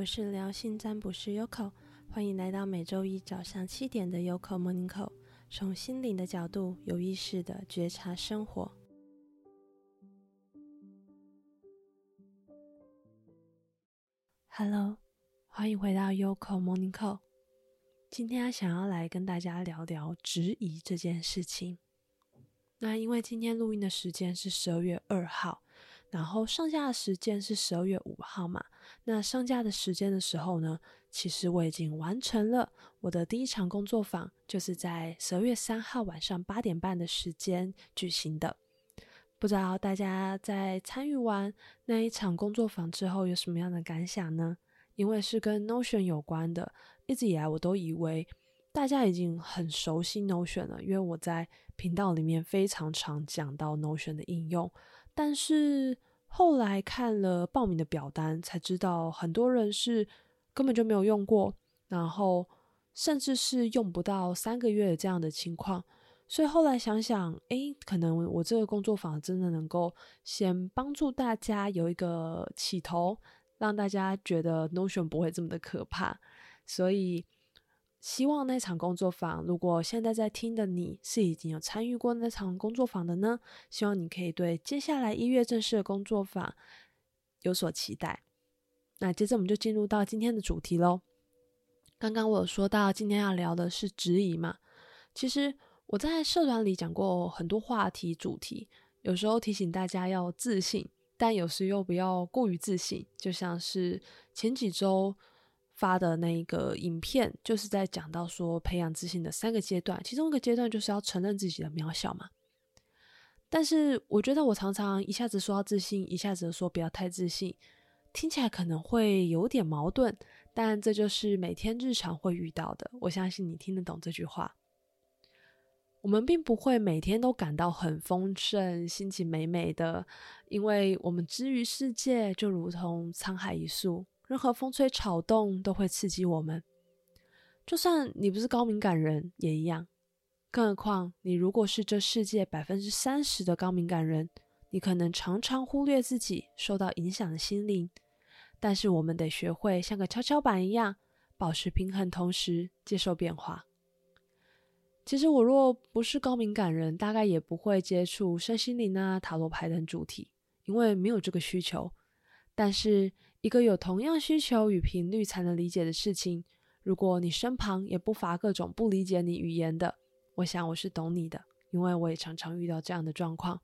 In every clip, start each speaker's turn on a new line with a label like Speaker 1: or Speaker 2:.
Speaker 1: 我是療心占卜師 Yoko，歡迎來到每周一早上七點的 Yoko Morning Call，從心靈的角度有意識的覺察生活。Hello，歡迎回到 Yoko Morning Call，今天想要來跟大家聊聊質疑這件事情。那因為今天錄音的時間是十二月二號。然後上架的時間是十二月五號嘛。那上架的時間的時候呢，其實我已經完成了我的第一場工作坊，就是在十二月三號晚上八點半的時間舉行的。不知道大家在參與完那一場工作坊之後有什麼樣的感想呢？因為是跟 Notion 有關的，一直以來我都以為大家已經很熟悉 Notion 了，因為我在頻道裡面非常常講到 Notion 的應用。但是後來看了報名的表單，才知道很多人是根本就沒有用過，然後甚至是用不到三個月的這樣的情況。所以後來想想，誒，可能我這個工作坊真的能夠先幫助大家有一個起頭，讓大家覺得 Notion 不會這麼的可怕。所以。希望那場工作坊，如果現在在聽的你是已經有參與過那場工作坊的呢？希望你可以對接下來一月正式的工作坊有所期待。那接着我們就進入到今天的主題嘍。剛剛我有說到今天要聊的是質疑嘛，其實我在社團裡講過很多話題主題，有時候提醒大家要自信，但有時又不要過於自信，就像是前幾周。發的那個影片就是在講到說培養自信的三個階段，其中一個階段就是要承認自己的渺小嘛。但是我覺得我常常一下子說到自信，一下子說不要太自信，聽起來可能會有點矛盾，但這就是每天日常會遇到的。我相信你聽得懂這句話。我們並不會每天都感到很豐盛、心情美美的，因為我們之於世界就如同滄海一粟。任何風吹草動都會刺激我們，就算你不是高敏感人也一樣。更何況，你如果是這世界百分之三十的高敏感人，你可能常常忽略自己受到影響的心靈。但是，我們得學會像個蹺蹺板一樣，保持平衡，同時接受變化。其實，我若不是高敏感人，大概也不會接觸身心靈啊、塔羅牌等主題，因為沒有這個需求。但是，一個有同樣需求與頻率才能理解的事情，如果你身旁也不乏各種不理解你語言的，我想我是懂你的，因為我也常常遇到這樣的狀況。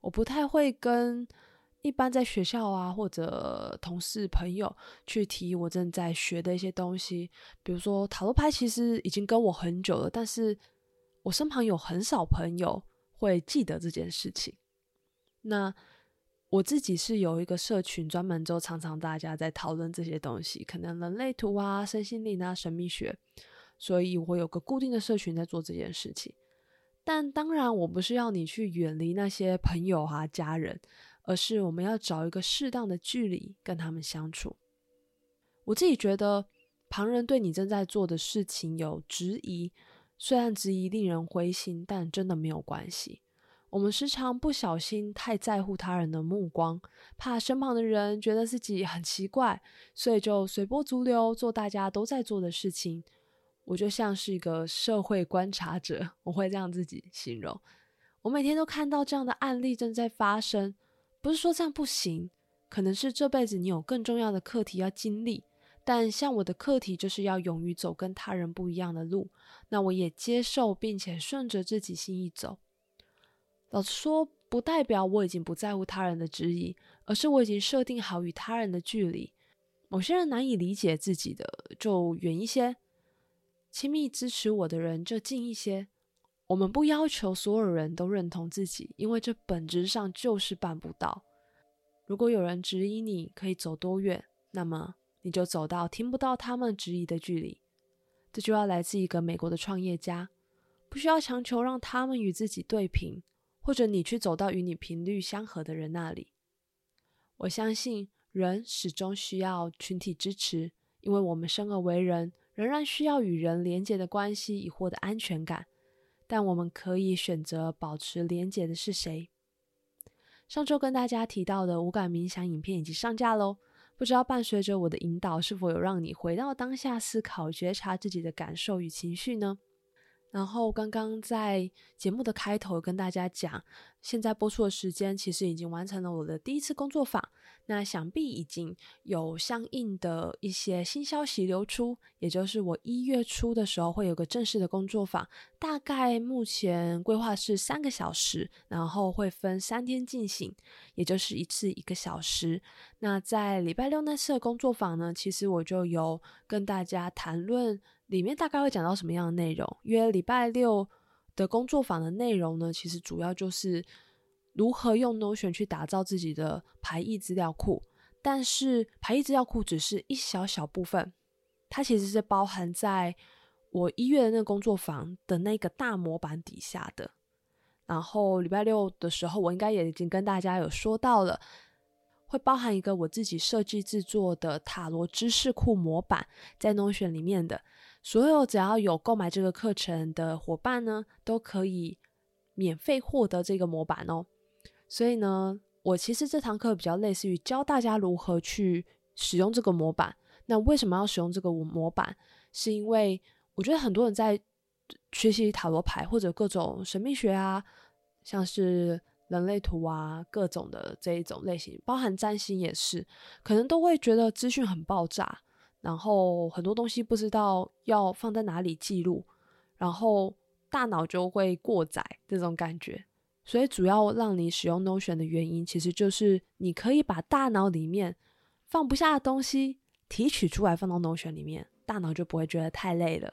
Speaker 1: 我不太會跟一般在學校啊或者同事朋友去提我正在學的一些東西，比如說塔羅牌，其實已經跟我很久了，但是我身旁有很少朋友會記得這件事情。那。我自己是有一個社群，專門就常常大家在討論這些東西，可能人類圖啊、身心靈啊、神秘學，所以我有個固定的社群在做這件事情。但當然，我不是要你去遠離那些朋友啊、家人，而是我們要找一個適當的距離跟他們相處。我自己覺得，旁人對你正在做的事情有質疑，雖然質疑令人灰心，但真的沒有關係。我們時常不小心太在乎他人的目光，怕身旁的人覺得自己很奇怪，所以就隨波逐流，做大家都在做的事情。我就像是一個社會觀察者，我會這樣自己形容。我每天都看到這樣的案例正在發生，不是說這樣不行，可能是這輩子你有更重要的課題要經歷。但像我的課題就是要勇於走跟他人不一樣的路，那我也接受並且順着自己心意走。老實說，不代表我已經不在乎他人的質疑，而是我已經設定好與他人的距離。某些人難以理解自己的，就遠一些；親密支持我的人就近一些。我們不要求所有人都認同自己，因為這本質上就是辦不到。如果有人質疑你可以走多遠，那麼你就走到聽不到他們質疑的距離。這就要來自一個美國的創業家，不需要強求讓他們與自己對頻。或者你去走到與你頻率相合的人那裡。我相信人始終需要群體支持，因為我們生而為人，仍然需要與人連接的關係以獲得安全感。但我們可以選擇保持連接的是誰？上周跟大家提到的五感冥想影片已經上架嘍，不知道伴隨着我的引導，是否有讓你回到當下，思考覺察自己的感受與情緒呢？然後剛剛在節目的開頭跟大家講，現在播出的時間其實已經完成了我的第一次工作坊。那想必已經有相應的一些新消息流出，也就是我一月初的時候會有個正式的工作坊，大概目前規劃是三個小時，然後會分三天進行，也就是一次一個小時。那在禮拜六那次的工作坊呢，其實我就有跟大家談論。裡面大概會講到什麼樣的內容？因為禮拜六的工作坊的內容呢，其實主要就是如何用 Notion 去打造自己的牌義資料庫。但是牌義資料庫只是一小小部分，它其實是包含在我一月的那個工作坊的那個大模板底下的。然後禮拜六的時候，我應該也已經跟大家有說到了，會包含一個我自己設計製作的塔羅知識庫模板在 Notion 裡面的。所有只要有購買這個課程的夥伴呢，都可以免費獲得這個模板哦。所以呢，我其實這堂課比較類似於教大家如何去使用這個模板。那為什麼要使用這個模板？是因為我覺得很多人在學習塔羅牌或者各種神秘學啊，像是人類圖啊，各種的這一種類型，包含占星也是，可能都會覺得資訊很爆炸。然後很多東西不知道要放在哪裡記錄，然後大腦就會過載這種感覺。所以主要讓你使用 Notion 的原因，其實就是你可以把大腦裡面放不下的東西提取出來，放到 Notion 裡面，大腦就不會覺得太累了。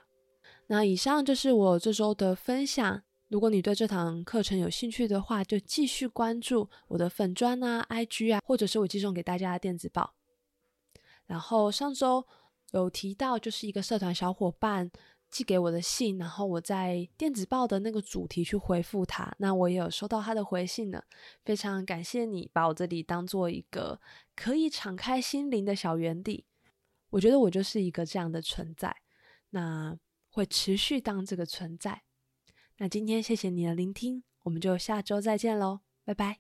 Speaker 1: 那以上就是我這周的分享。如果你對這堂課程有興趣的話，就繼續關注我的粉專啊、IG 啊，或者是我寄送給大家的電子報。然後上周。有提到，就是一個社團小夥伴寄給我的信，然後我在電子報的那個主題去回復他。那我也有收到他的回信了，非常感謝你把我這裡當做一個可以敞開心靈的小園地。我覺得我就是一個這樣的存在，那會持續當這個存在。那今天謝謝你的聆聽，我們就下周再見嘍，拜拜。